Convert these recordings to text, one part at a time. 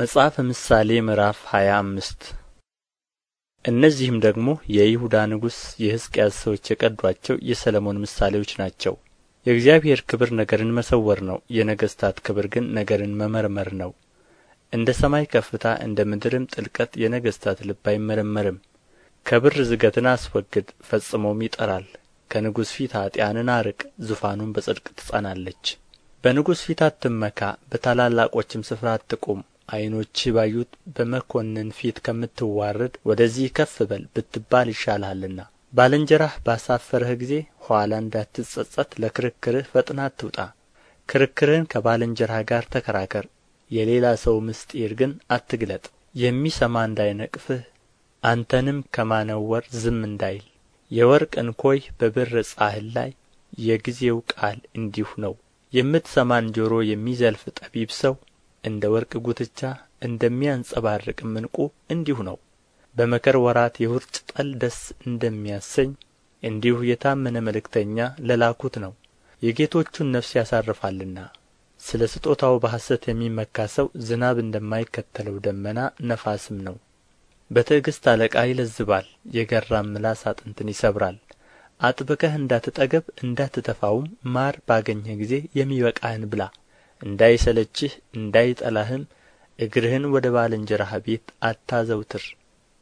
መጽሐፈ ምሳሌ ምዕራፍ ሃያ አምስት እነዚህም ደግሞ የይሁዳ ንጉሥ የሕዝቅያስ ሰዎች የቀዷቸው የሰለሞን ምሳሌዎች ናቸው። የእግዚአብሔር ክብር ነገርን መሰወር ነው፣ የነገሥታት ክብር ግን ነገርን መመርመር ነው። እንደ ሰማይ ከፍታ እንደ ምድርም ጥልቀት የነገሥታት ልብ አይመረመርም። ከብር ዝገትን አስወግድ፣ ፈጽሞም ይጠራል። ከንጉሥ ፊት ኀጢአንን አርቅ፣ ዙፋኑን በጽድቅ ትጸናለች። በንጉሥ ፊት አትመካ፣ በታላላቆችም ስፍራ አትቁም። ዓይኖችህ ባዩት በመኰንን ፊት ከምትዋረድ ወደዚህ ከፍ በል ብትባል ይሻልሃልና ባልንጀራህ ባሳፈረህ ጊዜ ኋላ እንዳትጸጸት ለክርክርህ ፈጥና አትውጣ ክርክርህን ከባልንጀራህ ጋር ተከራከር የሌላ ሰው ምስጢር ግን አትግለጥ የሚሰማ እንዳይነቅፍህ አንተንም ከማነወር ዝም እንዳይል የወርቅ እንኮይ በብር ጻህል ላይ የጊዜው ቃል እንዲሁ ነው የምትሰማን ጆሮ የሚዘልፍ ጠቢብ ሰው እንደ ወርቅ ጉትቻ እንደሚያንጸባርቅም ዕንቁ እንዲሁ ነው በመከር ወራት የውርጭ ጠል ደስ እንደሚያሰኝ እንዲሁ የታመነ መልእክተኛ ለላኩት ነው የጌቶቹን ነፍስ ያሳርፋልና ስለ ስጦታው በሐሰት የሚመካ ሰው ዝናብ እንደማይከተለው ደመና ነፋስም ነው። በትዕግሥት አለቃ ይለዝባል፣ የገራም ምላስ አጥንትን ይሰብራል። አጥብቀህ እንዳትጠገብ እንዳትተፋውም ማር ባገኘህ ጊዜ የሚበቃህን ብላ። እንዳይሰለችህ እንዳይጠላህም እግርህን ወደ ባልንጀራህ ቤት አታዘውትር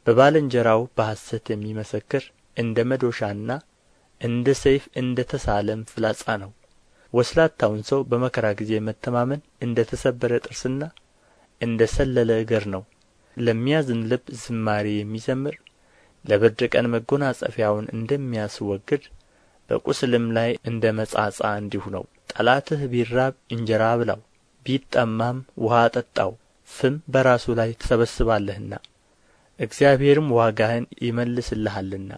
በባልንጀራው በሐሰት የሚመሰክር እንደ መዶሻና እንደ ሰይፍ እንደ ተሳለም ፍላጻ ነው ወስላታውን ሰው በመከራ ጊዜ መተማመን እንደ ተሰበረ ጥርስና እንደ ሰለለ እግር ነው ለሚያዝን ልብ ዝማሬ የሚዘምር ለብርድ ቀን መጎናጸፊያውን እንደሚያስወግድ በቁስልም ላይ እንደ መጻጻ እንዲሁ ነው ጠላትህ ቢራብ እንጀራ አብላው ቢጠማም ውሃ አጠጣው ፍም በራሱ ላይ ትሰበስባለህና እግዚአብሔርም ዋጋህን ይመልስልሃልና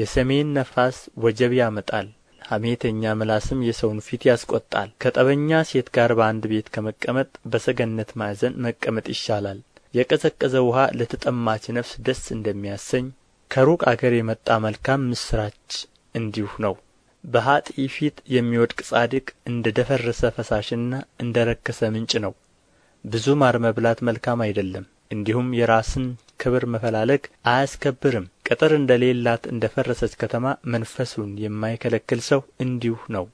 የሰሜን ነፋስ ወጀብ ያመጣል ሐሜተኛ ምላስም የሰውን ፊት ያስቆጣል። ከጠበኛ ሴት ጋር በአንድ ቤት ከመቀመጥ በሰገነት ማዕዘን መቀመጥ ይሻላል የቀዘቀዘ ውሃ ለተጠማች ነፍስ ደስ እንደሚያሰኝ ከሩቅ አገር የመጣ መልካም ምስራች እንዲሁ ነው በኀጥእ ፊት የሚወድቅ ጻድቅ እንደ ደፈረሰ ፈሳሽና እንደ ረከሰ ምንጭ ነው ብዙ ማር መብላት መልካም አይደለም እንዲሁም የራስን ክብር መፈላለግ አያስከብርም ቅጥር እንደሌላት እንደ ፈረሰች ከተማ መንፈሱን የማይከለክል ሰው እንዲሁ ነው